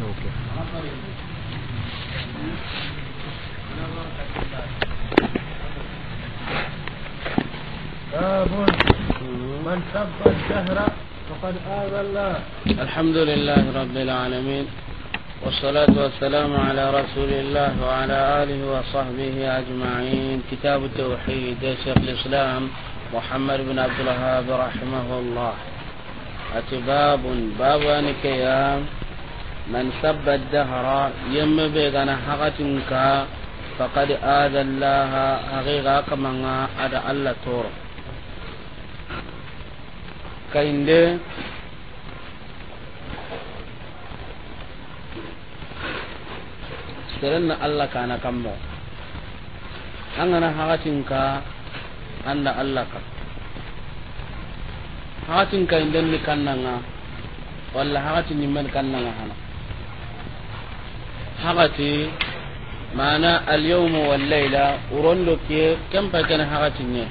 باب من سب الدهر فقد آذى الله الحمد لله رب العالمين والصلاة والسلام على رسول الله وعلى آله وصحبه أجمعين كتاب التوحيد شيخ الإسلام محمد بن عبد الوهاب رحمه الله أتباب باب أنكيام man sabba dahara yemme be gana hakatin ka faqad aada allaha haqiqa kamanga ada allah toro kainde serenna allah kana kammo an gana hakatin ka anda allah ka hakatin ka inden ni kannanga walla hakatin ni men kannanga hakati mana al-yawm layla urondo ke kam pa kana hagati ne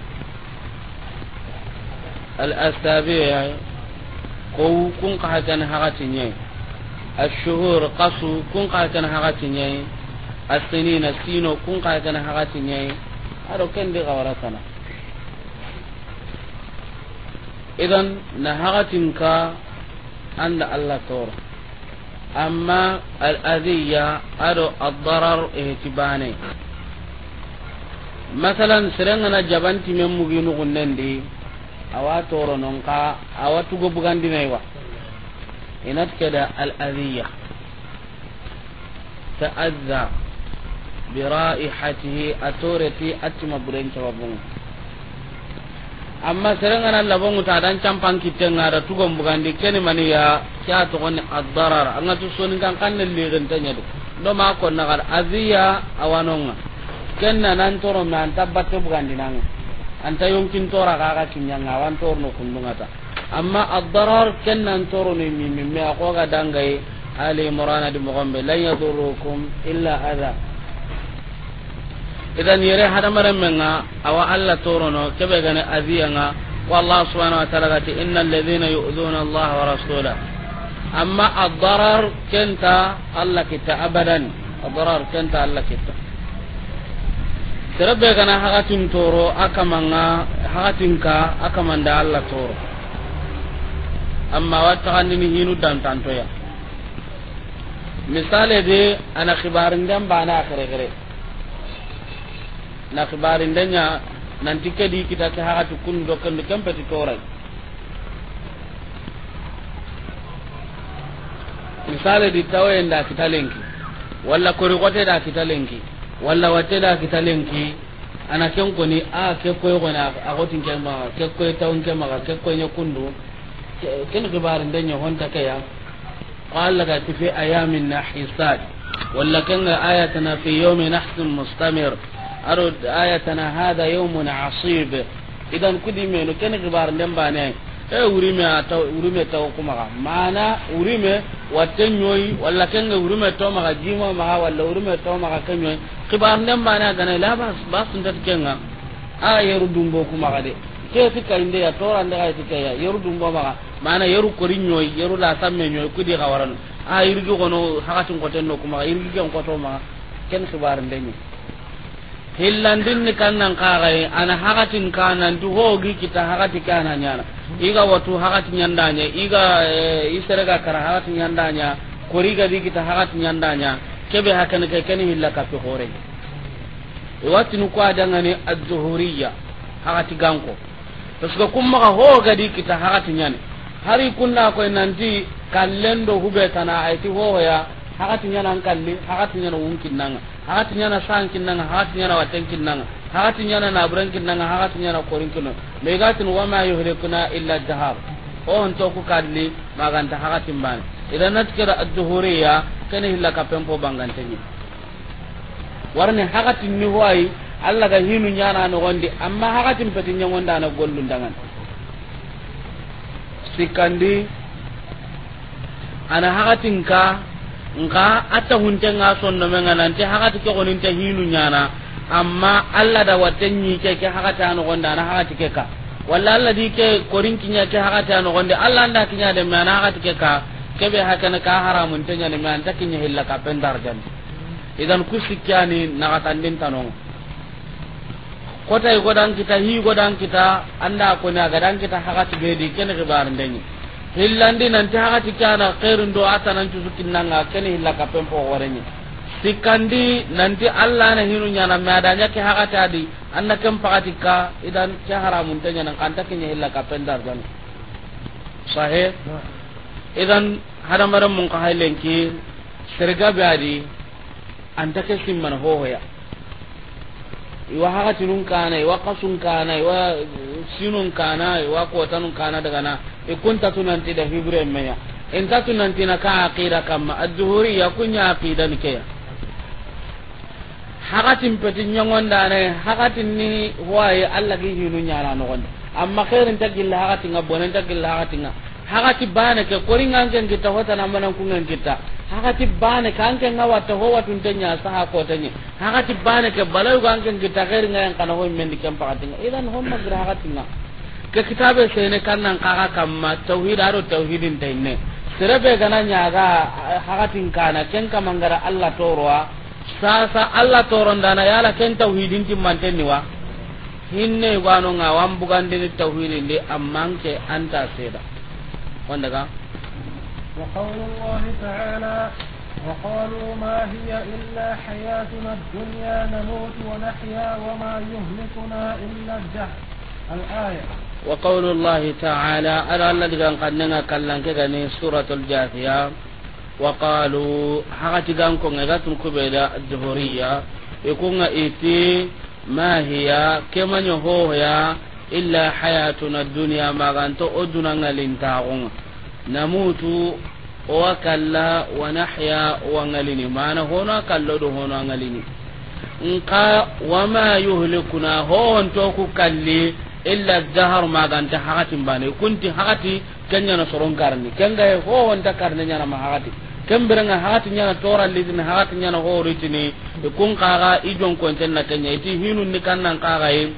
al-asabiya ko kun ka kana hagati ne الشهور قصو كن قاتن هغتني idan na hagatin ka an da Allah toro amma al-adhiya ado ad-darar ihtibane masalan serengana jabanti men muginu gunnendi awa toro nonka awa tugo bugandinaiwa inat keda al-adhiya ta'adza bi ra'ihatihi atoreti atima buren sababunga amma serengana labonguta adan campan tu da bukan bugandi mani ya kya kon addarar anga tu sun kan leren tanya do do ma ko nagar aziya awanonga kenna nan toro me anta batte bugandi nanga anta kin tora ka kin yang awan torno ngata amma addarar kenna toro ni mimmi me ga dangai ali murana di mogombe lan yadurukum illa adha idan yere hadamaren men nga awa alla torono kebe gane aziya nga wa allah subhanahu wa ta'ala gati innal ladhina yu'dhuna allah wa rasula amma ad-darar kenta alla kita abadan ad-darar kenta alla kita terabbe gana hagatin toro akamanga hagatin ka akamanda alla toro amma wata kan ni hinu dan tanto ya misale de ana khibarin dan bana akhire gare na khibarin danya nan tike di kita ke haga kun do kan do kan pati torai misale di tawe nda kita lenki wala kori kote da kita lenki wala wate da kita lenki ana ken ni a ke koy na a gotin ke ma ke koy tawon ke ma ke koy ne kundu ken khibarin danya honta kaya qala ga tifi ayamin nahisat wala kan ayatana fi yawmin nahsin mustamir aro ayatana hada yawmun asib idan kudi menu ken gibar den bane e urime ata urime taw kuma ga mana urime watte wala walla ken ga urime to ma ga jima ma walla urime to ma kanyoi ken nyoyi gibar den bane ga ne la bas bas ndat kenga a yeru dumbo kuma ga de ke tika inde ya tora nda ga tika ya yeru dumbo ma ga mana yeru kori nyoyi yeru la samme nyoyi kudi ga waran a irgi gono hakatin koten no kuma irgi gon koto ma ken gibar den nyoyi hillandin ni kan nan yi ana hakatin kanan du hogi kita hakati kanan yana iga watu hakati nyandanya iga eh, isere ga kara hakati nyandanya kori ga kita hakati nyandanya kebe hakan ke ken hilla ka fi hore wati nu kwa dangane az-zuhuriyya hakati ganko to kuma ka hoga di kita hakati nyane hari kunna ko nanti kallendo hubetana aiti hoya hakati nyana kalli hakati nyana wunkin nanga hakati nyana san kinnanga hakati nyana watan kinnanga hakati nyana naburan kinnanga hakati nyana korin kinno me gatin wa ma yuhrikuna illa dahab o on to ku kalli maganta hakati ban idan natkira ad-duhuriyya kana hilla ka pempo bangantenyi warne hakati ni huwai Allah ga hinu nyana no gondi amma hakati petin nyangonda na gollun dangan sikandi ana hakatin ka nka atta hunte nga sonno menga nanti hakati ko gonin te hinu nyana amma alla da watanyi ke ke hakati no gonda na hakati ke ka walla alla di ke korin kinya ke hakati no gonda alla anda kinya de mana hakati ke ka haka na ka haramun tanya ne man ta kinya hilla ka pendar jan idan kusikyani na katandin tanong kota godan kita hi godan kita anda ko na gadan kita hakati be di ken ribar ndenyi hillandi nanti hakati kana khairin do atanan cusu kinnanga kene hilla kapen po warani sikandi nanti allah na hinu nyana madanya ke hakati adi anna kem pakati ka idan ke haramun tanya nan kanta kenya hilla kapen darjan sahe idan haramaram mun ka hailenki serga be adi anta ke simman hoya wa hakatinun kana wa kasun kana wa sinun kana wa kotanun kana daga na ikunta tunanti da hibre meya in ta tunanti na ka aqida kama ad-duhuri ya kunya aqida ni ke hakatin petin nyangon da ne hakatin ni waye Allah gi hinu nyara no gonda amma khairin ta gilla hakatin ga bonan ta gilla hakatin ga hakati bana ke koringan gen kita hota na manan kungan kita hakati bane kan ken ngawa to ho watun tanya saha ko tanya hakati bane ke balay kan ken kita gair ngayan kana ho men dikam nga idan ho magra nga. ke kitabe sene kannan kaka kamma tauhid aro tauhidin tayne serebe gana nyaga hakatin kana ken kamangara allah toroa sasa allah torondana yala ken tauhidin timmantenni wa hinne gano nga wambugandini tauhidin de ammanke anta seda wanda ga وقول الله تعالى وقالوا ما هي إلا حياتنا الدنيا نموت ونحيا وما يهلكنا إلا الدهر الآية وقول الله تعالى ألا الذي كان قدنا كلن كذا سورة الجاثية وقالوا حقت كان غاتن كبيرة الدهورية يكون إيتي ما هي كما هو إلا حياتنا الدنيا ما غانتو أدنا لنتاغون namutu wa kalla wa nahya wa ngalini mana hono kallo do hono ngalini nka wama yuhlikuna howonto ku kalli illa dahar maganta hakatin bane kunti hakati kenyana soron karni kengaye ta karni nyana ma hakati kembirenga hakati nyana torallitini hakati nyana horitini kun kaga ijon konten na kenya iti hinunni kannan kagaye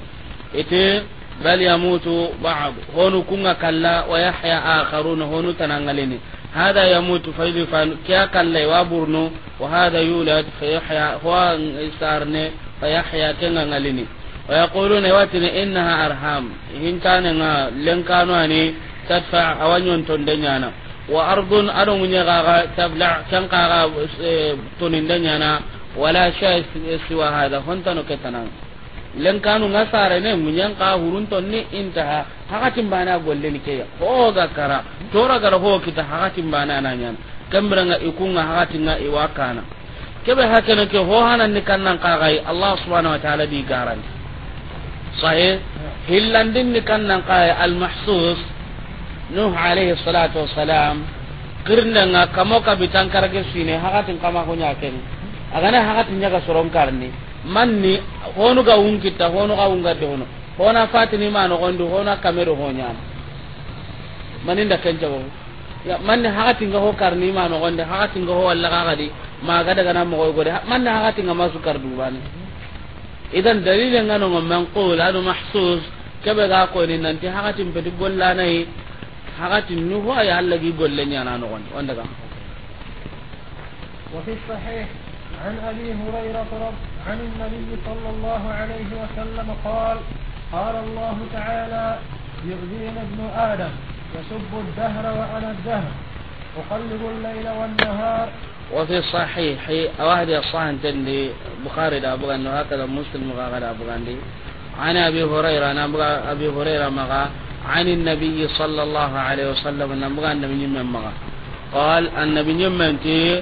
ite bal yamutu ba'd honu kunga kalla wa yahya akharun honu tanangalini hada yamutu fa yufan kya kalla wa burnu wa hada yulad fa yahya huwa isarne fa yahya kenga ngalini wa yaquluna watina innaha arham hinkana nga lenkano ani tadfa awanyon tondanyana wa ardun adu munya gaga tabla kan gaga eh, tonindanyana wala shay siwa hada hontano ketanang lenkanu nga sare ne munyan ka hurun ton ni intaha hakatin bana golle ni ke ho ga kara tora gara ho kita hakatin bana na nyan kambira nga ikunga hakatin nga iwakana kebe hakene ke ho hanan ni kannan ka gai allah subhanahu wa ta'ala bi garanti sahe hillandin ni kannan ka al mahsus nuh alayhi salatu wassalam kirnda nga kamoka bitankara ke sine hakatin kama kunya ken agana hakatin nya ga soron karni manni honu ga un kitta honu ga un gadde hono hona fatini ma no gondu hona kamero honya manni da kan jawo ya manni hakati ga ho karni ma no gonde hakati ga ho walla ga di ma ga daga na mo go gode manni hakati ga masu kar dubani idan dalilin ga no man qul adu mahsus kebe ga ko ni ti hakati be di golla nai hakati nu ho ya Allah gi golle nya na no gonde wanda ga fi sahih عن أبي هريرة رضي عن النبي صلى الله عليه وسلم قال قال الله تعالى يغذينا ابن آدم يسب الدهر وأنا الدهر أقلب الليل والنهار وفي صحيح أواهدي الصحن تندي بخاري لا أبغى هكذا مسلم غاغا أبغى عن أبي هريرة أنا أبغى أبي هريرة مغا عن النبي صلى الله عليه وسلم أنا أبغى النبي من مغا قال النبي من تي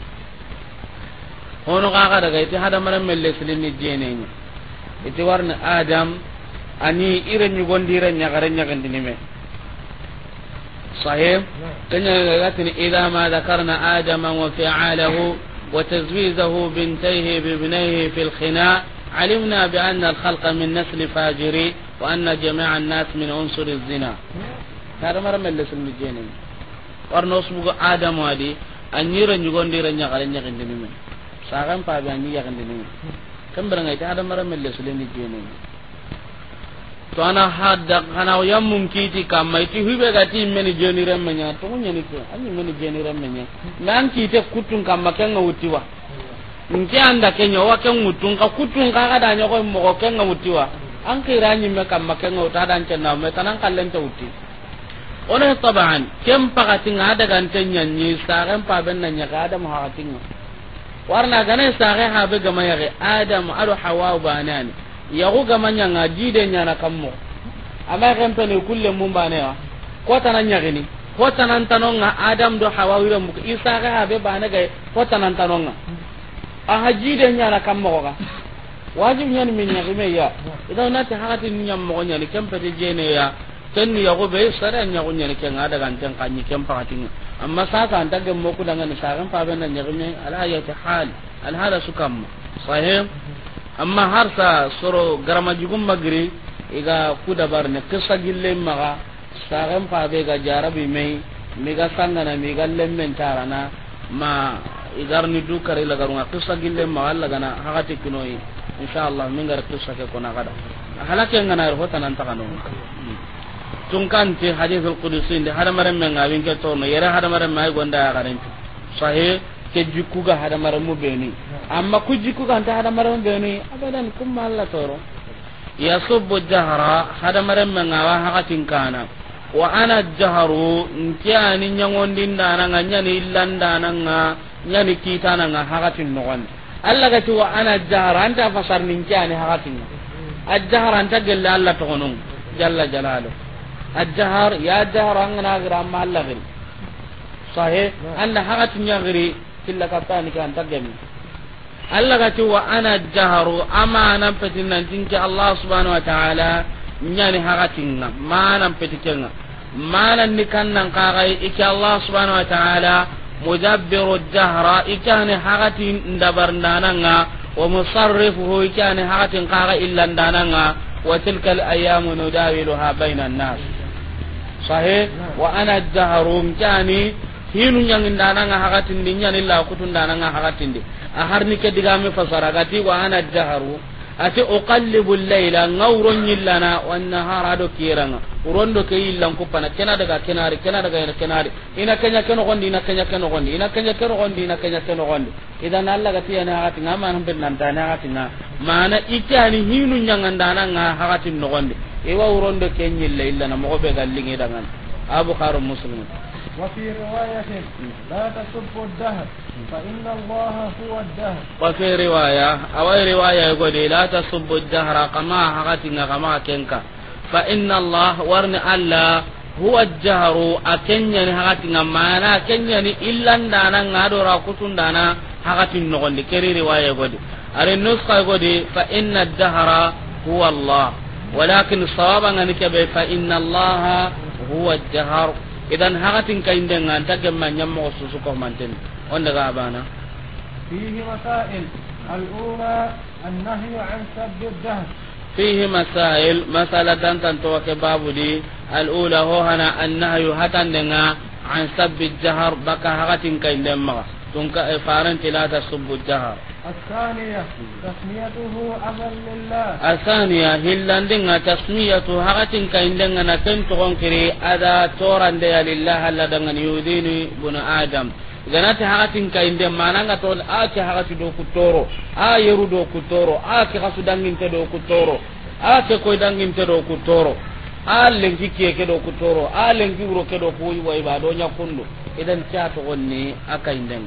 hono kaga daga iti hada maran melle silini jenenye iti warni adam ani ire nyugondi ire nyagare nyagandini me صحيح كنا لكن إذا ما ذكرنا آدم وفعاله وتزويزه بنتيه بابنيه في الخناء علمنا بأن الخلق من نسل فاجري وأن جميع الناس من عنصر الزنا هذا مرة من لسل مجينين warno subugo adam wadi anyira nyugondi ranya kala nyakindi mimi sagan pa ba ni ya kan dinin kan baranga ta hada mara melle sulen di jene to ana hadda kana ya mungki ti kamma ti hube ga ti men jeni ran menya to nya ni ko ani men jeni ran menya nan ki te kutun kamma kan ngutiwa nke anda kenya wa ken ngutun ka kutun ka ga da nya ko mo ko kan wa an kira ni me kamma kan nguta dan cenna me tanan kallen ta uti ona taban kem pagatin ada ganten nyanyi saran pa ben nanya ga ada mahagatin warna gane sare ha be gama yare adam ado hawa banani yago gama nyanga jide nyana kammo ama kempe ne kulle mum banewa ko tanan ni ko tanan tanonga adam do hawa wira muk isa ga ha be bane ga ko tanan tanonga a hajide nyana kammo ga wajib nyen min nyagime ya idan na ta hakati nyam mo nyani kempe de jene ya tan yago be sare nyago ke ngada daga tan kanyi kempa katinga amma saka an dagge mo ku dangane sagan fa ben nan yagme ala ayati hal al hala sukam sahih amma har sa soro garama jigum magri iga ku dabar ne kissa gille maga sagan fa be ga jarabi mai mi ga sangana mi ga lemmen tarana ma ni du kare la garunga kissa gille ma alla gana kunoi insha allah min gar kissa ke kona gada halake ngana ro er nan takano tun ti hadith al-qudusi inde hadamaren men ga winke tono yere hadamaren mai gonda ya ti sahe ke jikku ga hadamaren mu beni amma ku jikku ga ta hadamaren beni abadan kum malla toro subbu jahra hadamaren men ga wa hakatin kana wa ana jaharu nkiyani ñagondin dananga ñani illan dananga ñani tin no gon allah gati wa ana jahra anta fasarni nkiyani hakatinga a jahar anta gelle allah togononga jalla jalaluh الدهر يا الدهر أننا غير أما الله غير صحيح أن حقت غيري كلا كتاني كان تجمي الله قتي وأنا الدهر أما أنا بتنا تنك الله سبحانه وتعالى نياني حقتنا ما أنا بتكنا ما أنا نكنا قاعي إك الله سبحانه وتعالى مدبر الدهر إكاني حقتي ندبرنا ومصرفه إكاني حقتي قاعي إلا ندانا وتلك الأيام نداولها بين الناس sahe wa ana jaharum jani hinu dana nga hakatindi nyani la kutu ndana nga hakatindi aharni ke digame fasara gati wa ana ati uqallibu layla ngawro nyillana wan nahara do kiranga urondo ke yillan ko pana kena daga kenari kena daga ina kenari ina kenya keno gondi ina kenya keno gondi ina kenya keno gondi ina kenya keno gondi idan Allah gati yana hati ngama nan ben nan dana hati na mana ikani hinu dana nga hati no gondi ewa urondo ke nyilla illa na mo be gallinge dangan abu kharu muslimin وفي رواية لا تسبوا الدهر فإن الله هو الدهر وفي رواية أو أي رواية يقول لا تسبوا الدهر كما حقتنا كما كنك فإن الله ورن الله هو الجهر أكنيني حقتنا ما أنا أكنيني إلا دانا نادورا كتن دانا حقتنا نغني كري رواية يقول أري النسخة يقول فإن الدهر هو الله ولكن الصواب أنك فإن الله هو الجهر idan hakatin kayin den an ta gemma nyammo su ko manten on daga bana fihi masail al-ula an-nahy an sabb ad-dahr fihi masail masala dan tan to ke babu di al-ula ho hana an-nahy hatan denga an sabb ad-dahr baka hakatin kayin den ma tun ka eh, faran tilata subbu ad-dahr الثانية تسميته أبا لله الثانية هلاندنا تسميته هغتن كإندنا تنتغن كري أذا تورا دي لله لدن يوديني بن آدم ganati hakatin ka inde mananga to a ke hakati do kutoro a yeru do kutoro a kasu dangin te do kutoro a ke koy dangin te do kutoro a lenki ke ke do kutoro a lenki wuro ke do kuyi wa ibado nya kundu idan ta to onni aka inde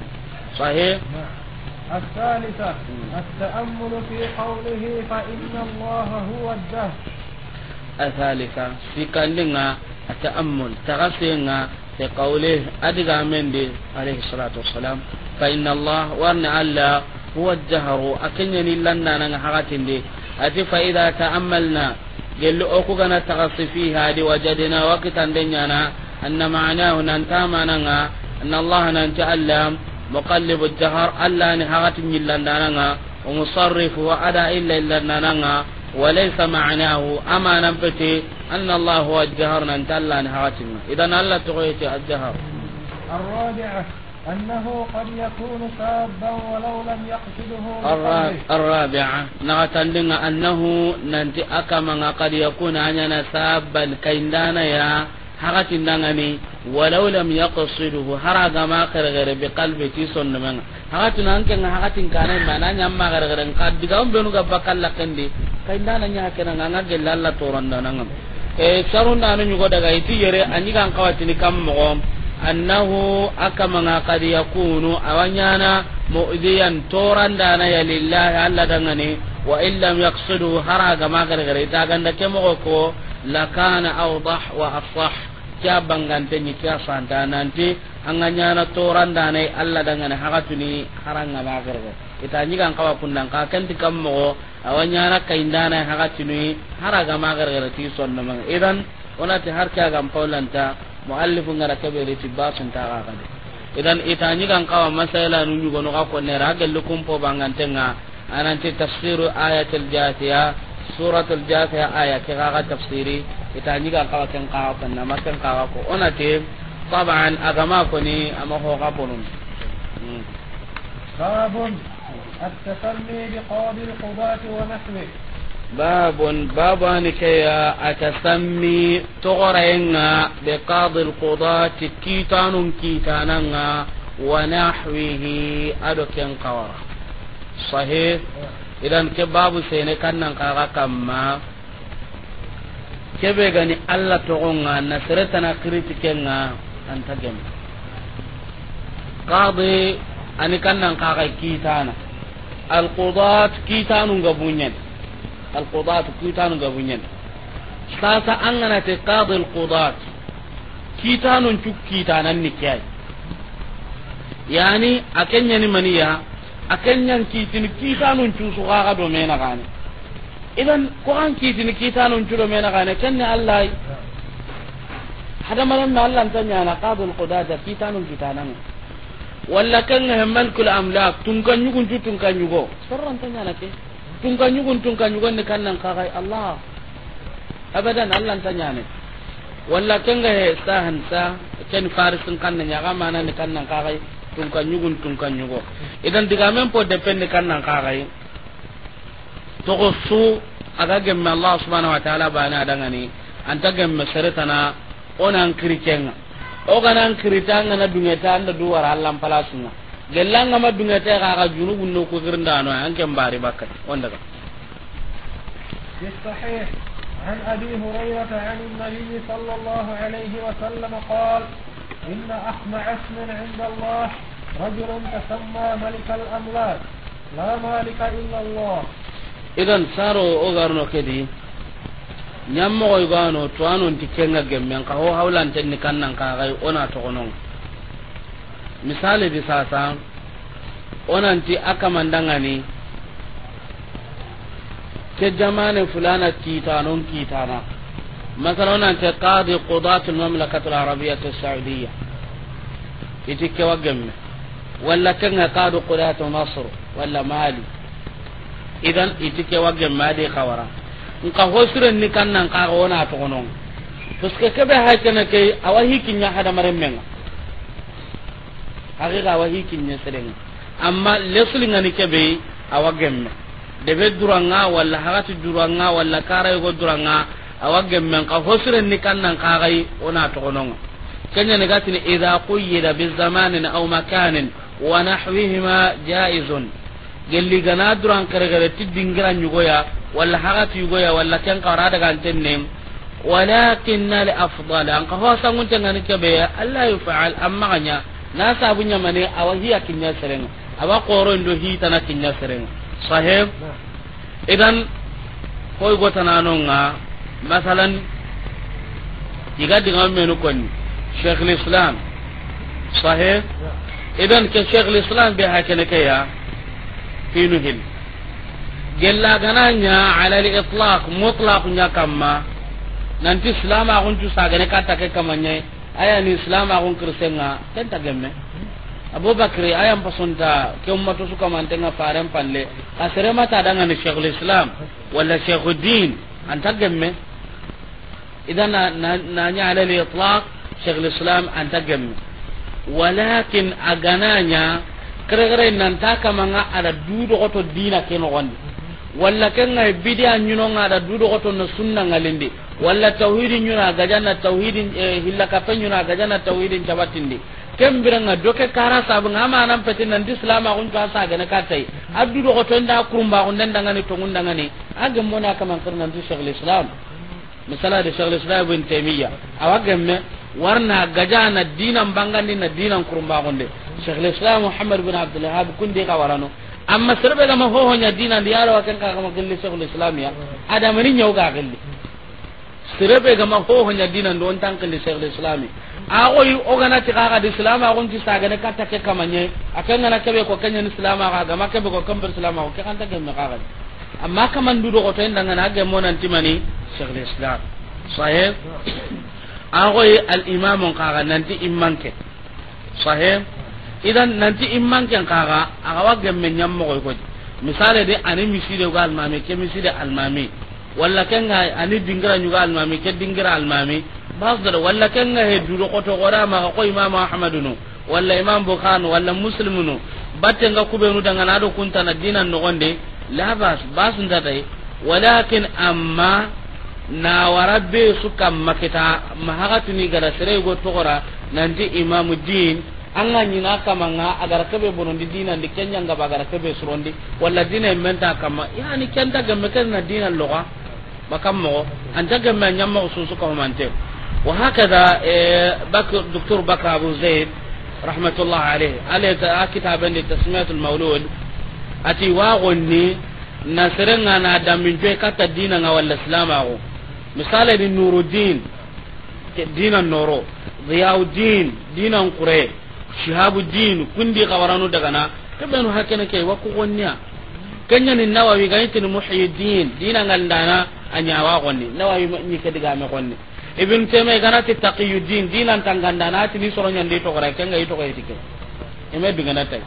الثالثة التأمل في قوله فإن الله هو الدهر الثالثة في كلنا التأمل تغسلنا في قوله أدقى من دي عليه الصلاة والسلام فإن الله وأن الله هو الدهر أكنني لنا نحغتن دي أتي فإذا تأملنا قل أكو كان تغسل فيها دي وجدنا وقتا ديننا أن معناه أن أن الله ننتعلم مقلب الدهر ألا نهغت نلندانانا ومصرف وأدا إلا إلندانانا وليس معناه أما نبتي أن الله هو الدهر ننتلا نهغتنا إذا ألا تغيت الدهر الرابعة أنه قد يكون سابا ولو لم يقصده الرابعة نغتلنا أنه ننتي أكما قد يكون أننا سابا كيندانا يا hakati ndangani walau lam yaqsiduhu haraga ma karagare be qalbi ti sonno men hakati nan ken hakati kanai mana nyamma karagare kan diga on benu bakal la kende kai ndana nya kana nga gella lalla toron dananga e sarun nanu nyugo daga iti yere anyi kan kawati ni kam mo annahu akama nga qad yakunu awanyana mu'diyan toran dana ya lillahi alla dangani wa illam yaqsidu haraga ma karagare ta ganda kemo ko lakana awdah wa afsah kya bangante ni kya santa nanti anganya na toran dane alla dangan ni haranga magargo ita ni kan kawa kundang ka kan ti awanya na kaindana hakatuni haraga magargo ti sonna man idan wala ti har kya gam paulanta muallifu ngara kabiri ti basun ta ga kade idan ita ni kan kawa masala nu nyugo no ka konne ragal lukum po bangantenga ananti tafsiru ayatul jathiya سورة الجافة آية كغا تفسيري إتاني غا قوة كن قاوة كن ما كن قاوة كن طبعا أغما كني أما هو غبن باب التسمي بقاضي القضاة ونحوه باب باب كيا أتسمي تغرينا بقاضي القضاة كيتان كيتانا ونحوه أدو كن قوة صحيح idan ke babu sene kannan kaga kamma be gani Allah togonga na seretana an ta gem qadi ani kannan kaga kitana qudat kitanu al qudat kitanu gabunyen sasa an gana te qadi qudat kitanu cuk kitanan ni kai yani akenya ni maniya akenyan kitini kitanun cusu kaka do mena gane idan ko an kitini kitanun me mena gane kenne allah hada maran allah tanya na qadul qudada kitanun kitanan walla kan hammal kul amlak tun kan yugun tun kan yugo sarran tanya na ke tun kan yugun tun kan yugo ne kannan kai allah abadan allah tanya ne walla kan ga sahan sa kan farisin kannan ya ga mana ne kannan kai tunka nyugun tunka nyugo idan diga men po depende kan nan kagai to su aga gemme allah subhanahu wa ta'ala bana adanga ni anta gemme seretana onan kirikenga o ganan kiritanga na dungeta anda duwara allan palasunga gellanga ma dungeta ga ga junubun no ko girndano an kem bari bakkat onda ga عن أبي هريرة عن النبي صلى الله عليه وسلم قال إن أحمى اسم عند الله رجل تسمى ملك الأملاك لا مالك إلا الله إذا صاروا أغرنو كدي ñammoxo yugano to anonti kenga gemmen ka ho hawlantenni kannan kaxay ona toxonong misali di sasa onanti a kamandangani ke jamane fulana kiitanon kiitana مثلا أنت قاضي قضاة المملكة العربية السعودية يتك وقمة ولا كان قاضي قضاة مصر ولا مالي إذا يتك وقمة هذه خبرة nka hosiren ni kan nan kaga wona to gonon parce que kebe ha kana ke awahi kinya hada maren menga haqiqa awahi kinya sedeng amma lesli ngani kebe awagemme debe duranga walla hagati duranga walla kara duranga awa men ka hosren ni kannan kagai ona togononga kenya ne gatini idha quyida bi zamanin aw makanin wa nahwihima jaizun gelli gana duran kargare tidingira nyugoya walla hagati yugoya walla ken qara daga tenne walakin al afdal an ka hosa ngunta ngani kebe alla yufal amma ganya na sabu nyamane awahiya kinya serenga awa qoro ndo hitana kinya serenga sahib idan koy gotananonga masalan iga diga menu konni sheikh islam sahih idan ke sheikh islam bi hakene ke ya hinu hin gella gananya ala al itlaq mutlaq nya kamma nanti islam a gunju sagane kata ke kamanya aya ni islam a gun kirsenga tenta gemme abubakar aya pasonta ke ummato suka mantenga faren palle asere mata danga ni sheikh islam wala sheikh din anta gemme idan na na nya ala li itlaq shaykh islam an tagam walakin agananya kare kare nan ta kama nga ada dudo ko to dina keno gondi walla kenga bidia nyuno nga ada dudo ko to na sunna ngalindi walla tauhidin nyuna gajana tauhidin hilla ka penyuna gajana tauhidin cabatindi kembiranga doke kara sabu ngama nan pete nan dislama kun ta sa gane katai addu do ko to nda kurumba kun dan dangane to ngun dangane age mona kaman karnan du syekhul islam misala de shekhul islam ibn taymiya awa gemme warna gaja na dinan bangandi na dinan kurumba gonde shekhul islam muhammad bin abdul wahhab kundi ka warano amma sirbe gama ho honya dinan da yaro kan ka kama gilli shekhul islam ya ada mani nyau ga gilli sirbe gama ho honya dinan don tan gilli shekhul islam a koy ogana ti kaga da islam a gonti saga ne kata ke kamanye akan na kebe ko kanya islam ga gama kebe ko bar islam ko kan ta gemme kaga amma kaman dudu ko tan dangana na gemo nan timani shaykhul islam sahih agoy al imam qara nanti immanke sahih idan nanti immanke qara agawa gemme nyammo ko ko misale de ani miside ga almami ke miside almami walla ga ani dingira nyuga almami ke dingira almami bazdar walla ga he ko to gora ma ko imam ahmadunu walla imam bukhari walla muslimunu batte nga kubenu daga do kunta na dinan no gonde la bas bas ndatai walakin amma na warabbe su kam makita mahagatu ni gara sere go togora nanti imamu din an ga nyina kama nga agar kebe kenya nga kebe dina menta kama yani kenta gamme kan na dina loga bakam mo an ta gamme nyamma ko mante wa bak doktor zaid rahmatullah alayhi kitaban li tasmiyatul mawlud ati wa gonni na serenga na damin joy kata dina nga wala islama ko misale ni nuruddin dina noro ziauddin dina qure shihabuddin kundi kawaranu daga na kebenu hakene ke wa ko gonniya kenya ni nawawi ga yitin muhyiddin dina ngandana anya wa gonni nawawi ni ke diga me gonni ibn taymiyya gana ti taqiyuddin dina tangandana ti ni soro nyande to gara kenga yito ga yitike eme diga na tai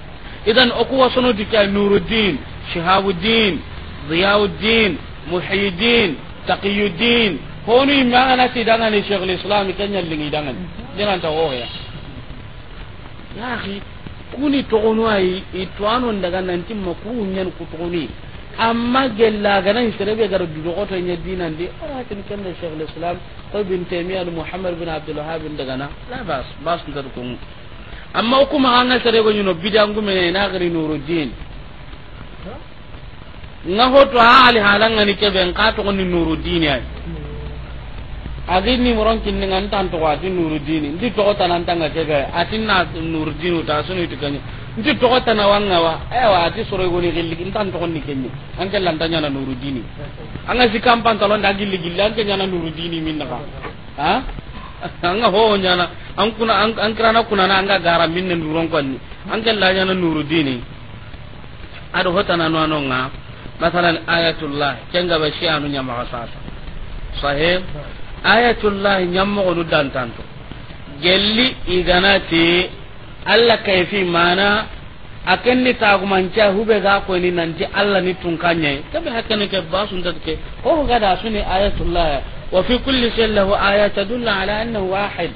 idan oku wasunu dikya nuruddin shihabuddin ziyauddin muhyiddin taqiyuddin honu imme aganati dangani cheikh lislam kenyallingi dangani dinanta hoya yahi kuni togonu ayi itwano daga nanti makuunyen kutogoni amma gella ganan serebe gar dudogoto nya dinandi awatin kenda cheikh lislam ko bin taymiyyah muhammad bin abdul wahhab na la bas bas ndar kungu amma uku ma anga sare go nyuno bidangu me na gari nuruddin nga hoto hali halanga ni ke ben ka to ni nuruddin ya agi ni moron kin nga ntan to wati nuruddin ndi to ta nan tanga ke ga atin na nuruddin ta sunu to kanyi ndi to ta na wanga wa e wa ati sore go ni gilli ntan to ni kenyi an ke lantanya na nuruddin anga si kampan talon da gilli gilli an ke nyana nuruddin min na ha anga ho nyana an kuna an kirana kuna na anga gara minne nuron kwanni an la nyana nuru dini ado hotana no anonga masalan ayatullah kenga ba shi anu nyama kasasa sahih ayatullah nyamma onu tanto gelli iganati alla kayfi mana kuma nja hube ga ni nanti alla ni tunkanye tabe hakane ke basun ke ko ga da suni ayatullah وفي كل شيء له آية تدل على أنه واحد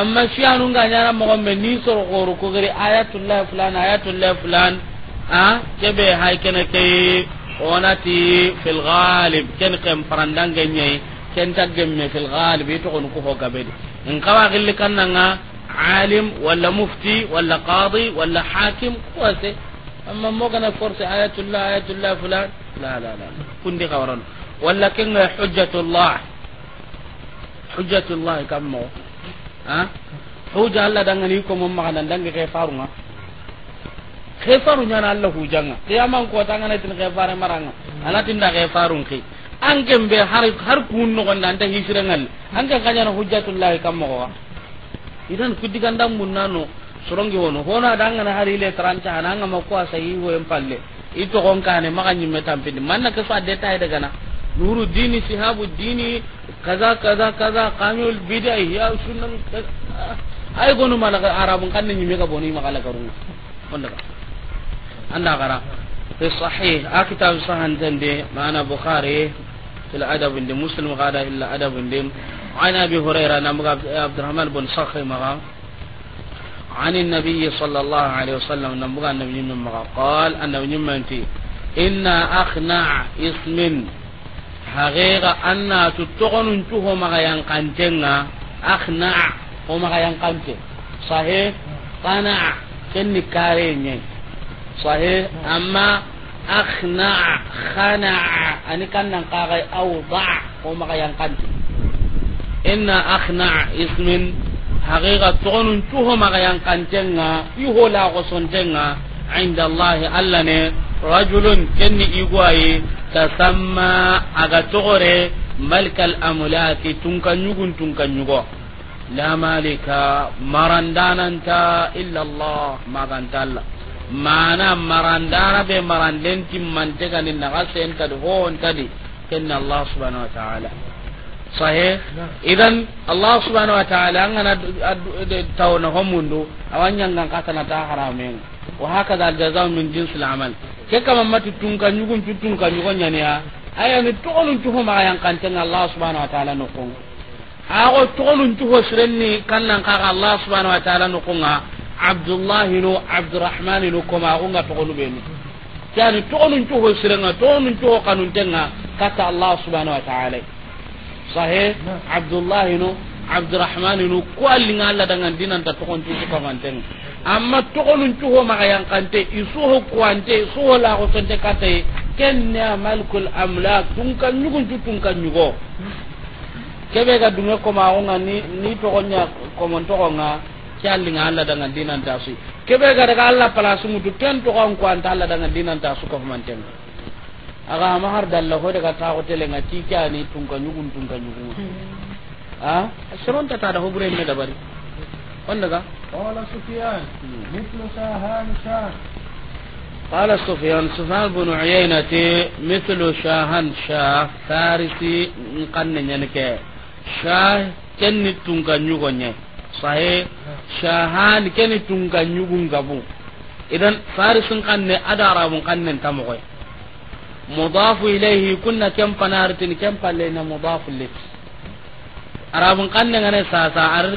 أما شيء نونغا نيانا مغمبة نيسر غوركو غير آيات الله فلان آيات الله فلان ها كبه هاي onati fil ghalib ken kem parandang genye ken tagemme fil ghalib itu kon ko hoga bedi in kawa gilli kannanga wala mufti wala qadi wala hakim kuwase amma mo gana force ayatullah ayatullah fulan la la la kundi gawaron wala ken hujjatullah hujjatullah kammo ha huja Allah dan ngani ko mom makan dan ke farunga ke farunya na Allah hujanga kiyaman ko tangana tin ke fare maranga anatin da ke farun ke an gembe har har kun no gonda anta hisirangal anke ka kanya hujjatullah kammo wa idan kudigan dan munnano sorongi wono hono adanga na hari le taranta ananga makwa sayi wo empalle ito konkane maka nyimme tampindi manna ke so adeta daga na نور الدين سهاب الدين كذا كذا كذا قانون البدع يا سنن آه، اي غنو ما لغا عرب كان ني ميغا بوني ما قال كرون ولغا اندا غرا في الصحيح اكتاب آه، صحن تندي معنا بخاري في الادب اللي مسلم غدا الا ادب عند عن ابي هريره نعم عبد الرحمن بن صخر مغا عن النبي صلى الله عليه وسلم نعم النبي من مغا قال النبي من انت إن أخنع اسم haqiqa anna tu togonun cu ho maga yang kancenga akhna ho maga yang kance sahe qana kenni kare nye sahe amma akhna khana ani kannan kaga awda ho maga yang kance inna akhna ismin haqiqa togonun cu ho maga yang kancenga allah allane rajulun kenni igwaye tasamma aga togore malikal amulaki tunka nyugun tunka nyugo la malika marandananta illa allah maganta allah mana marandana be maranden timmante gani naga sentadi howontadi kenni allah subhanahu wa taala sahe idan allah subhanahu wa taala angana tawna homundu awanyangan katanata haramenga wa hakada aljaza min jins alamal ke kama mati tunka nyugun tunka nyugon nyani ya aya ni tolun tuho ma yang kanten Allah subhanahu wa ta'ala no kon ago tolun tuho kan kannan ka Allah subhanahu wa ta'ala no kon Abdullah no Abdurrahman no koma onga tolun be ni yani tolun tuho sirenga tolun tuho kanun tenga kata Allah subhanahu wa ta'ala sahe Abdullah no Abdurrahman no ko allinga Allah dangan dinan ta tokon tuho kamanten amma togonun cuho maga yankante isuho kuwante isuho lago sonte kataye ken nea malikul amlak tunka ñuguncu tunka ñugo kebe ga dunge komaxonga ni ni togoña komon togonga ke allinga alla danga dinanta su kebe ga daga alla place mutu ken togon kuwanta alla danga dinanta su kofumantenga aga ama har dalla ho daga ta nga taxotelenga ti ke ani tunka ñugun tunka ñugunga hmm. a ah? sorontatada hoɓuremme dabari on daga qala sufyan mithlu shahan qala sufyan sufyan uyayna mithlu shahan farisi nyanke kenni tunga nyugo nye sahe shahan kenni tunga nyugo ngabu idan farisin kanne ada kunna kem panartin na mudafu lit arabun sasa arir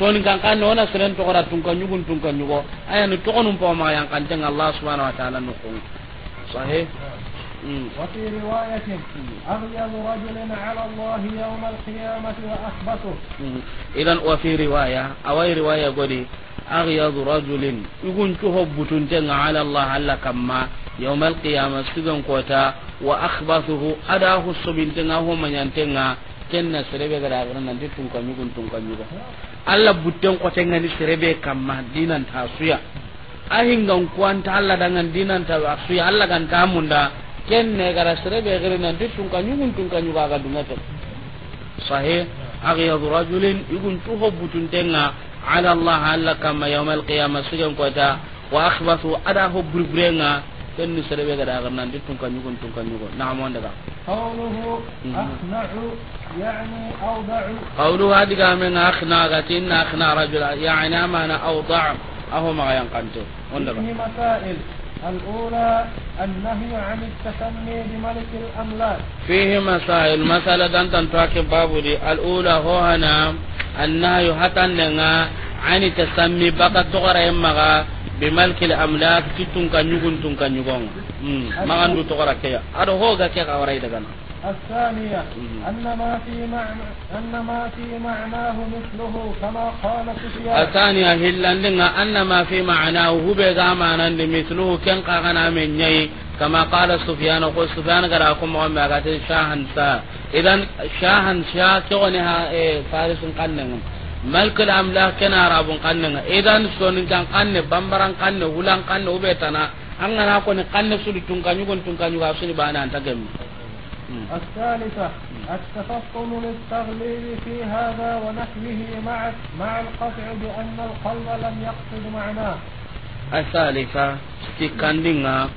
toni kan kan no na sren a gara tun kan nyugun tun kan nyugo aya no to kan jeng Allah subhanahu wa taala no kong sahe hmm. wa fi riwayati aghyadu rajulin ala Allah yawm al-qiyamati wa akhbathu hmm. idan wa fi riwaya awai riwaya godi aghyadu rajulin igun to kota wa akhbathu adahu subin kenna serebe gara gara nan ditun kami gun tun kami ba Allah butten ko tenga ni serebe kamma dinan ta suya ahin gan kuan ta Allah dangan dinan ta suya Allah kan tamunda kenne gara serebe gara nan ditun kami gun tun kami ba ga dunga ta sahih aghyadu rajulin igun tu butun tenga ala Allah Allah kama yawmal qiyamah suyan kota wa akhbathu ada ho burburenga ken ni serebe ga dagar nan ditun kan yugo tun kan yugo na amon daga qawluhu hmm. akhna'u yani awda'u qawluhu adiga men akhna ga tin akhna rajula yani amana awda' aho ma yan kanto on daga الأولى النهي عن التسمي بملك الأملاك فيه مسائل مسألة أنت تراكب دي الأولى هو هنا النهي هتنغا عن التسمي بقى تغرى يمغا بملك الأملاك تتنكا نيغن تنكا نيغن ما عنده تغرى كيا هذا هو غا كيا غوري دغنا الثانية أن ما في معنى أن ما في معناه مثله كما قال سفيان الثانية هلا أن ما في معناه هو بزمان مثله كان قاغنا من يي كما قال سفيان وقل سفيان قراكم وما قاتل شاهن سا إذا شاهن شا كونها فارس قنن ملك الأملاك كان عرب قنن إذا سونين كان قنن بمبران قنن ولان قنن وبيتنا أنا أكون قنن سوري تنكانيو كنت تنكانيو أصلي بانا أنت جميل الثالثة التفطن للتغليب في هذا ونحوه مع مع القطع بأن القلب لم يقصد معناه الثالثة كاندينغا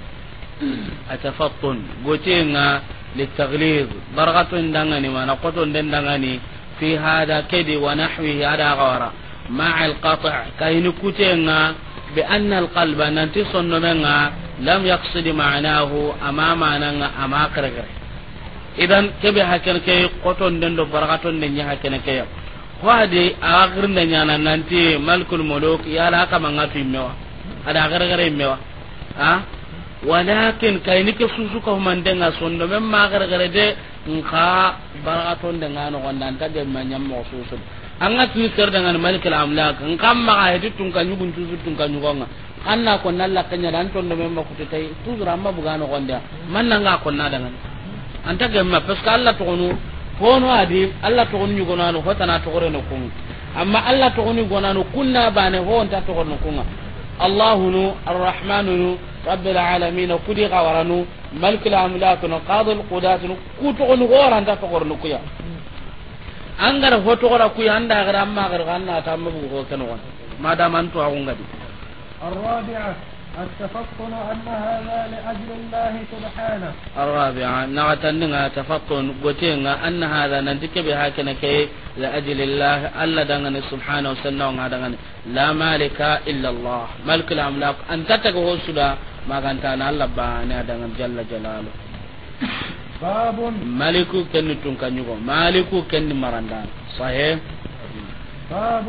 التفطن قوتينا للتغليظ برغة دنغني ونقطة دنغني في هذا كدي ونحوه على غارة مع القطع كاين كوتينا بأن القلب ننتصن منها لم يقصد معناه أمامنا أما كرغره idan kebe hakene ke qoton den do barakaton den nya hakene ke ya ko ade akhir den nya nan nanti malikul muluk ya la ka mangatu mewa ada agar gare mewa ha walakin kayni ke susu ko man den ga sondo mem ma agar gare de nka barakaton den ga no gondan ta de manyam mo susu anga tu ser dengan malikul amlak nkam ma ga hedi tun kan yugun susu tun kan yugonga anna ko nalla kanya dan do mem ma kutai tu ramma bugano gonda man nan ga konna dangan anta gemma parce que allah togonu kono adi allah togonu ñugonano hotana no kunga amma allah togonu gonano kunna bane ho honta togorno kunga allahunu arrahmanunu rabbil alamin kudi gawaranu malikul amlakunu qadul qudatunu ku togonu horanta no kuya angara ho togora kuya anda gara amma gara ganna tamma bugo ho kenogon madam antu agungadi الرابعة التفطن أن هذا لأجل الله سبحانه الرابعة نعتننا تفطن قتنا أن هذا ننتك بها كي لأجل الله ألا دغني سبحانه وسنه دغني لا مالك إلا الله ملك الأملاك أن تتقه سدا ما كانت أنا الله بانا دغن جل جلاله باب مالك كن تنكنيكو مالك كن مرندان صحيح باب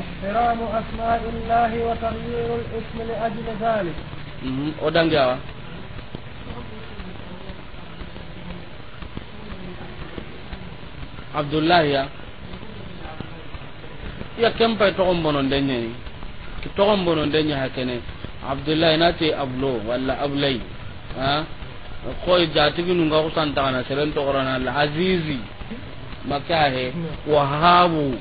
احترام اسماء الله وتغيير الاسم لاجل ذلك ودنجاوا عبد الله يا يا كم باي تقوم بنون دنيا تقوم بنون دنيا هكذا عبد الله ناتي أبلو ولا أبلي ها koy jatigi nu nga kusanta kana seren to qorana al azizi makahe wahabu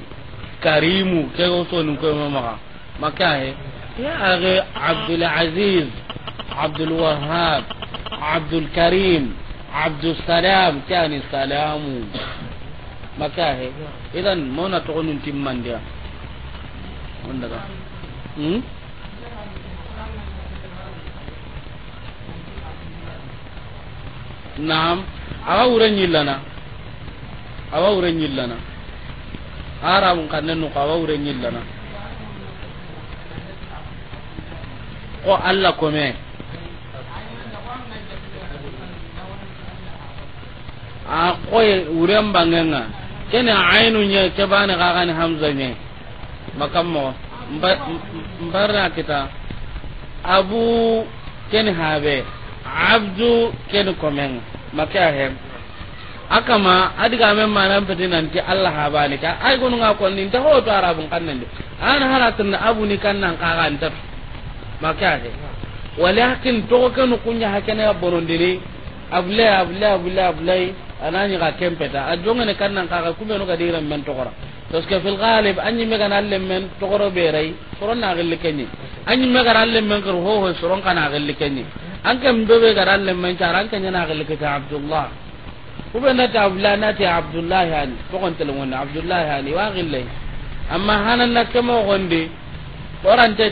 كريمو كيو صون كيو ممغا ما كاهي يا أخي عبد العزيز عبد الوهاب عبد الكريم عبد السلام كان السلام ما كاهي إذا ما نتقون انت من دي من دي نعم أغاورا نيلنا أغاورا نيلنا haramun kanne no kawa wure nyillana ko Allah ko me, a ko koye wuren na kene ainu nye ke bane kakani hamza nye makammo mbarna kita abu kene habe abdu kene komenga make ahem akama adiga men manan pete nanti allah habani ka ay gonu nga konni ta ho to arabun kannan de an haratun abu ni kannan ka kan ta maka de walakin to ko no kunya hakene dini abla abla abla abla anani ga kempeta adonga ne kannan ka ka kume ga dira men tokora to ske fil ghalib anni me kana alle men tokoro goro be rai soron na gelle kenni anni me kana alle men ko ho ho soron kana gelle kenni an kan be be kana alle men ta ran na gelle ke abdullah kube nati abdullah nati abdullah hani tele telengonni abdullahi hani wa gille amma hanan na kemo oran te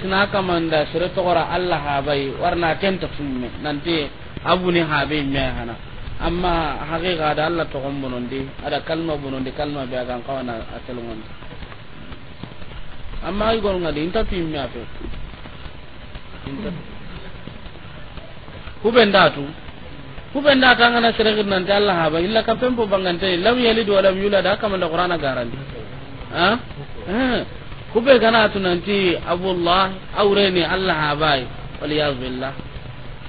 tina kamanda to ora allah habai warna kenta tumme nanti abuni habai me hana amma haqiqa da allah togon bonondi ada kalma bononde kalma be agan kawana atelengonni amma ay gonga di inta tumme afe hmm. be ndatu. ku kuben da ta ngana sirrin nan ta Allah haba illa ka pempo bangante lam yali do lam yulad haka man da qur'ana garanti ha ku kube kana nanti abullah awreni Allah habai wal yaz billah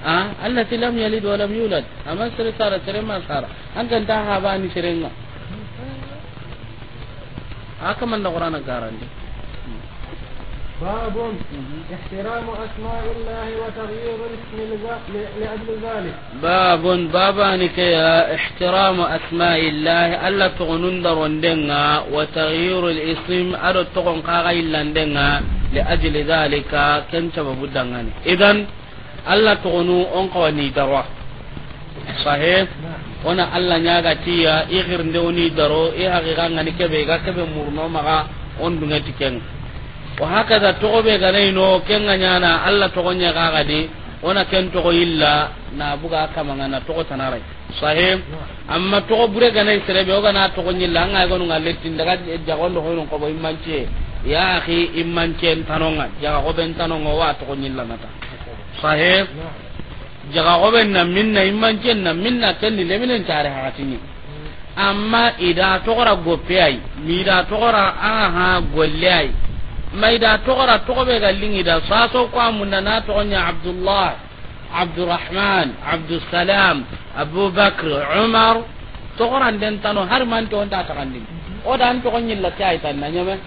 ha allah ti lam yali do lam yula amma sere sara sere ma sara an ganta ta haba ni sirrin haka man da qur'ana garanti باب احترام اسماء الله وتغيير الاسم لاجل ذلك باب بابا نكيا احترام اسماء الله الا تغنون دروندنا وتغيير الاسم ارو تغن قاغيلندنا لاجل ذلك كم سبب اذا الا تغنوا انقوني دروا صحيح ona allah ñagatiya i xirnde oni daro i xaqiqa ngani keɓe ga keɓe murno maxa on dungeti kenga wa hakaza togo be ga no kenga nyana alla togo nya ga ga di ona ken togo illa na buga kama na togo tanare sahib amma togo bure ga nay serebe o ga na togo nyilla nga ga no letin daga jagondo hoyno ko bo immanche ya akhi immanche tanonga jaga ko ben tanonga wa togo nyilla nata sahib jaga ko ben na minna immanche na minna tan ni leminen tare hakatini amma ida togora goppe ay mi ida togora aha golle ay maida togora togobe ga lingida saso ko amunda na togonya abdullah abdurrahman abdussalam abubakr umar togoran den tano har man to onta takandi mhm. o dan togonya la tay tan na nyame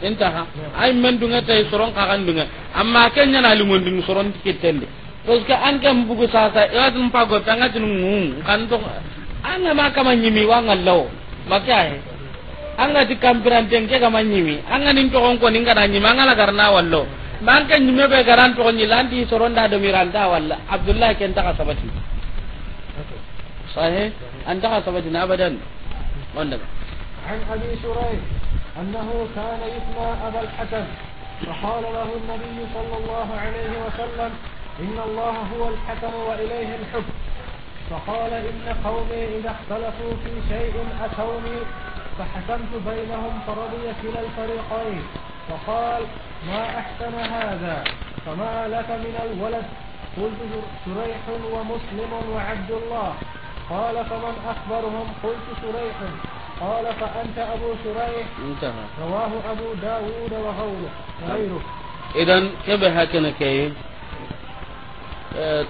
inta ha ay men dunga tay soron ka kan dunga amma kenya na lingondi soron kitende parce que an kam bugu sasa e wadum pago tanga tinu ngum kan to an ma kama nyimi wa ngalaw makya anga angati kampiranten ke gama nyimi anga nin togon koni ngara ñimi angana garana wallo manke anke be garan to ñila landi soronda do miranda walla abdullah ken taxa sabati sahe an taxa sabatina abadan on daga عن ابي شريح انه كان يثنى ابا الحسن فقال له النبي صلى الله عليه وسلم ان الله هو الحكم واليه الحكم فقال ان قومي اذا اختلفوا في شيء اتوني فحكمت بينهم فرضي كلا الفريقين فقال ما أحسن هذا فما لك من الولد قلت شريح ومسلم وعبد الله قال فمن أخبرهم قلت شريح قال فأنت أبو شريح انتهى رواه أبو داود وغيره غيره إذا كيف هكذا كيف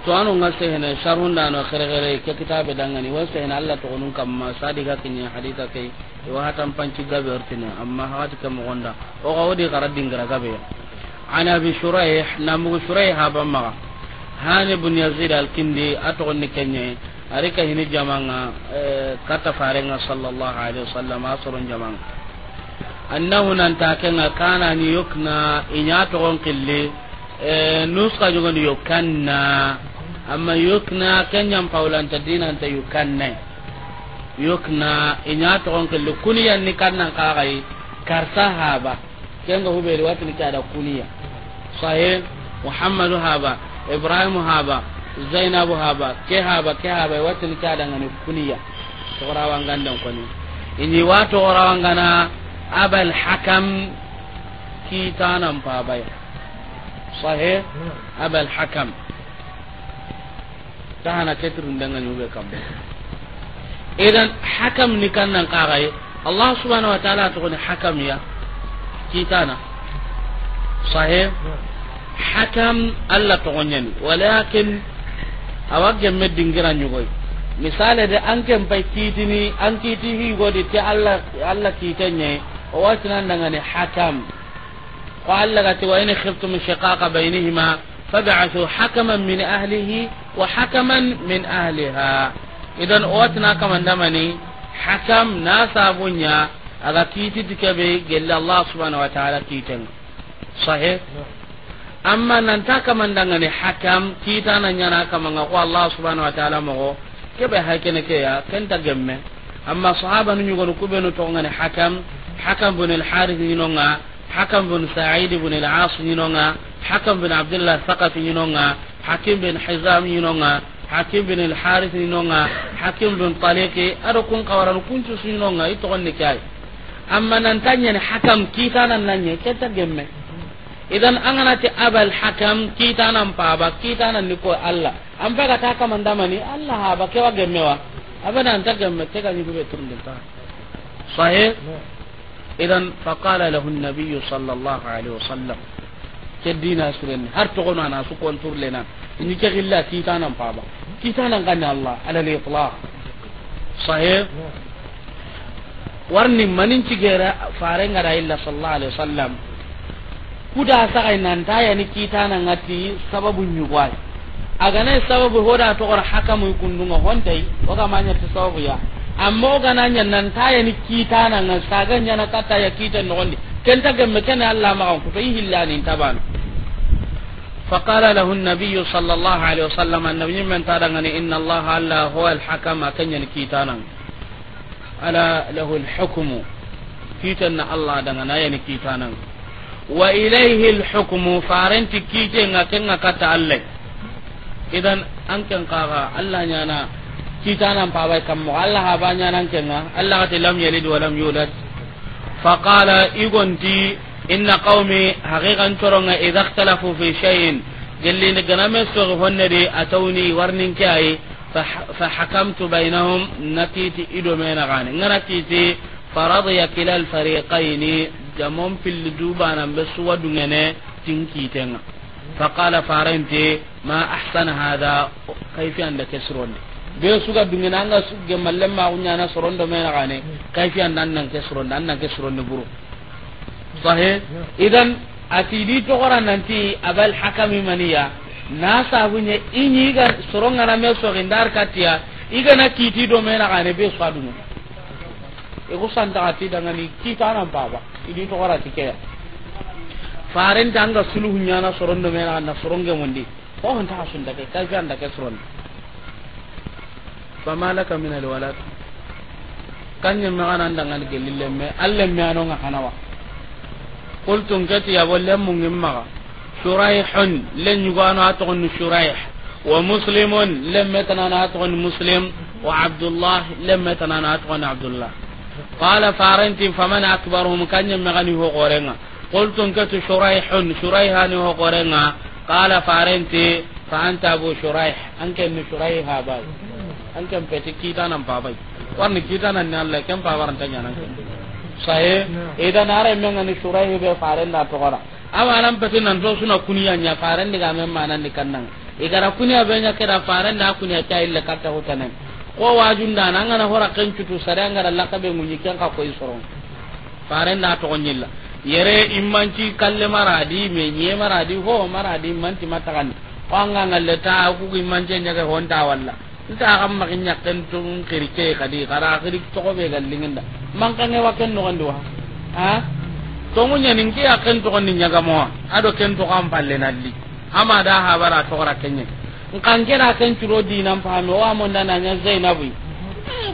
tuwanu nga sehene sharhun dano khere khere ke kitabe dangani wa sehene alla to gonun kamma sadiga kinya haditha kai wa hatan panci gabe ortine amma hawati kam gonda o ga odi garadin gara gabe ana bi shuraih na mu shuraih haba ma hani bun yazid al-kindi atogon ni kenye ari ka hini jamanga kata farenga sallallahu alaihi wasallam asrun jamanga annahu nan ta kenga kana ni yukna inya to gon kille nuska jogon yukanna amma yukna kenyam paulan tadina ta yokanna yukna inya on kelle kuniya ni kar sahaba karsa haba kenga hubeli ni kada kuniya sahe muhammadu haba Ibrahim haba zainabu haba ke haba ke haba ni kada ngani kuniya togorawan gandan koni inyi wato togorawan gana abal hakam kitanan pabaya sahe abal hakam tahana ketirun dangani hube kambe idan hakam ni kan nan kaxaye allah subhanau wa taala togoni hakamiya kitana sahe hakam allah togoñani walakin awa gemme dingira ñugoy misale de an ken pay kiitini an kiiti higodi te allah allah kiiteñe o watinan dangani hakam ko allah gati wa in khiftum shiqaqa bainihima fab'athu hakaman min ahlihi wa hakaman min ahliha idan kama kamandamani hakam na sabunya aga kiti tikabe gelle allah subhanahu wa ta'ala kiten sahih amma nan ta kama kamandangani hakam kita nan yana kama ko allah subhanahu wa ta'ala mo kebe hakene ke ya kenta gemme amma sahaba nu nyugonu kubenu to ngani hakam hakam bin al harith nyinonga hakam bin sa'id bin al as nyinonga hakam bin abdullah thaqafi nyinonga hakim bin hizam nyinonga hakim bin al harith ni nonga hakim bin taliqi ado kun kawaran kuncu su nonga ito gonne kai amma nan tanya ni hakam kita nan nanye ketta gemme idan an gana ta abal hakam kita nan paba kita nan ni ko Allah an faga ta kaman damani Allah ha ba ke wa gemmewa abadan ta gemme te ga ni be turun ta sahih idan faqala lahu an-nabiy sallallahu alaihi wasallam ke dina surenni har togono na su konturlena ini ke xilla kitanan paba kitanan gani allah ala litlaq sahe warni manin cigera farengada illa sallallahu alaihi wasallam kuda saxay nantayani kitanangati sababu ñugoay agana sababu hoda togora hakamuy kundunga manya ogamañati sababu ya amma ogana ña nantayani kitananga saga ñana kattaya kiten nogondi kenta gemme kene allah maxan kuto i hillanin tabano فقال له النبي صلى الله عليه وسلم النبي من تارغني إن الله ألا هو الحكم كن ينكيتانا ألا له الحكم كيتنا الله دغنا ينكيتانا وإليه الحكم فارنت كيتنا كن كتا الله idan an ken kaga Allah nyana kita nan pa bai kam Allah ha ba nyana ken Allah ta lam yalid wa lam yulad faqala igonti inna qaumi haqiqan toronga idha ikhtalafu fi shay'in gelli ne ganame so honne de atawni warnin kai fa hakamtu bainahum nakiti ido mena gane ngana kiti faradiya kila al fariqain jamon fil dubana be suwa dungene tinki tenga faqala farante ma ahsana hada da anda kesronde be su suga dungina anga ge malle ma kunya na sorondo me na gane kaifi annan nan nan ke nan annan ke ne buru sahe idan atidi to nan ti abal hakami maniya na sabunye inyi ga soronga na me so gindar katia iga na kiti do me na ne be swadunu e ko santa ati daga ni kita nan baba idi to gora tikeya faren tanga suluhu nyana sorondo me na na soronge mondi ko hon ta sun dake kaifi anda ke sorondo فما لك من الولد كان يما انا ندان قال الله اللمه انا نحنوا قلت انكتي يا ولم من ما شريح لن يغانوا اتقن شريح ومسلم لم يتنانا اتقن مسلم وعبد الله لم يتنانا اتقن عبد الله قال فارنت فمن اكبرهم كان يما غني هو قرنا قلت انكت شريح شريح هو قرنا قال فارنت فانت ابو شريح انك شريح هذا an kan peti kita nan babai warni kita nan nan Allah kan babar tan nan sahe idan are men ngani surai be faren da to gara awa nan peti nan to suna kuniya nya faren daga men manan ni kannan igara kuniya be nya kera faren da kuniya ta illa katta nan ko wajun da nan ngana hora kan cutu sare ngara lakabe munyi kan ka koyi soron faren da to gonyilla yere immanci kalle maradi me nye maradi ho maradi manti matakan ko anga ngalle ta ku immanci nyaga honta walla nta xam ma nya kan tun kirke kadi kara kiri to ko be gallingen da man kan ne waken no wa ha tongu munya nin ke akan to ni nyaga mo ado ken to kam palle nalli ama da ha bara to ra kenye kan kera kan di dinan pa me wa mon nana nya zainabu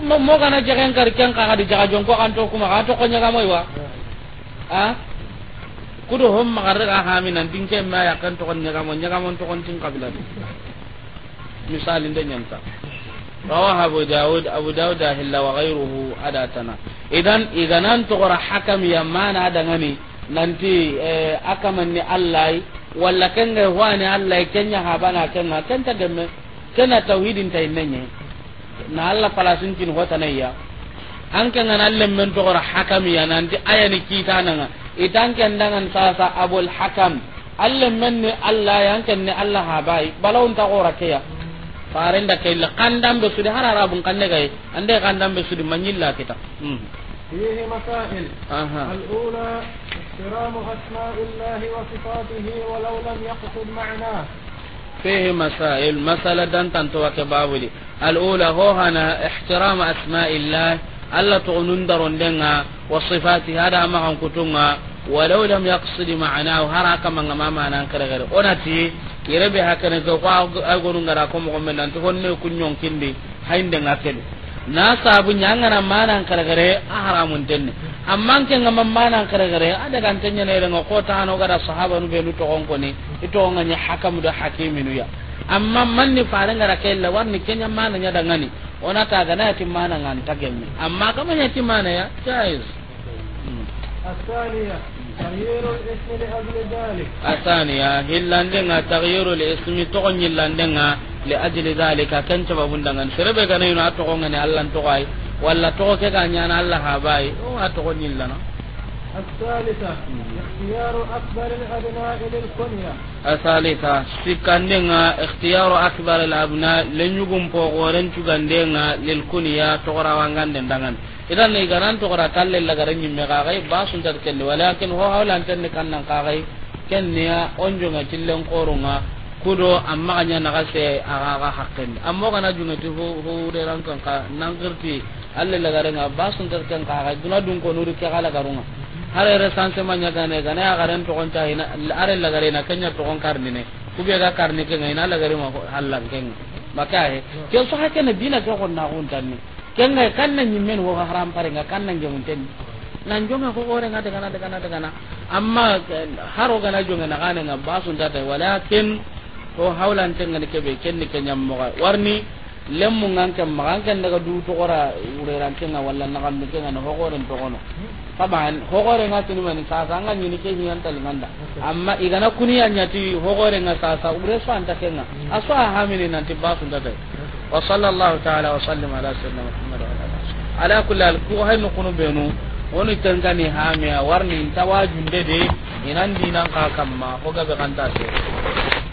mo mo kana jagan kar kan ka hadi jaga jonko kan to kuma ka to ko nyaga mo wa ha kudo hom magarra ha minan dinke ma yakan to ko nyaga mo nyaga mo to ko tin kabila misali nda nyanta رواه أبو داود أبو داود هلا idan أداتنا إذن إذا ننتقر ya يمان dangani nanti eh, akamanni allahi walla kenge hwani allahi kenya habana kenga kenta gemme kena tawhidin tay nenye na alla palasintin hotanayya an kenga na alle men togora hakami ya nanti aya ni ayani kitananga itan kendangan sasa abul hakam alle men ni allah yan kenne allah habai balawun tagora keya farenda kella kandam be sudi har arabun kanne gay ande kandam be sudi manyilla kita hmm فيه مسائل أها. الأولى احترام أسماء الله وصفاته ولو لم يقصد معناه فيه مسائل مسألة دانتان توك بابلي الأولى هو هنا احترام أسماء الله ألا تغنون درون دنا وصفاته هذا ما كتونا walau lam yaqsid ma'anahu hara ma maana an kare kare onati yere be hakane ko kwa agonu ngara ko mo men nan to honne kunyon kindi hainde ngakeli na sabu maana an kare kare haramun tenne amma ke maana an kare kare ada kan tenya ne ngo ko ta no gara sahaba nu be nu to gonko ni ito nganya hakamu da hakiminu ya amma man ni fare ngara kella warni kenya mananya dangani ona ta ga na ti maana ngan tagemme amma kama nya ti maana ya jaiz الثانية hmm. تغيير الاسم لأجل ذلك الثانية هلاندنغا تغيير الاسم تغني لاندنغا لأجل ذلك كان سبب دنغا سربك نينو أتغنغني ألا تغاي ولا تغوك أنا ألا هاباي أتغني لنا الثالثة اختيار أكبر الأبناء للكنية الثالثة سكندنا اختيار أكبر الأبناء لن يقوم بغورن تغندنا للكنية تغرى وانغان دنغان idan ne ganan to gora talle la garan yin me gai ba sun tar kelle walakin ho hawlan tan ne kan nan gai ken ne ya onjo nga killen qorunga kudo amma anya na gase aga ga hakken amma kana junga to ho ho de ran kan ka nan gurti alle la garan ga ba sun tar kan ka duna dun ko nuru ke gala garunga hare re sanse manya gane gane ya garan to kon ta ina are la garena kenya to kon karni ne kubiya ga karni ke ngaina la ma hallan ken ma he ke so hakke ne bina ke kon na kun tanni kenga kanna nyimmen wo haram pare nga kanna ngemun ten nan jonga ko ore nga daga na daga daga na amma haro gana jonga na gane nga basun data walakin ko haulan tenga ne kebe kenni kenyam mo warni lemmu ngan kam ngan kan daga du to gora ureran tenga walla na kan tenga no hokore to kono taban hokore nga tinu man sa sa ngan ni ke nyan tal nganda amma igana kuniya ti hokore nga sa sa ure so ta kenga aso ha mini nan ti basun tata wa sallallahu ta'ala wa sallim ala sayyidina ala alihi ala kulli ku hayno kunu benu woni tangani hamiya warni tawajunde de inan dinan ka kamma ko gabe kanta se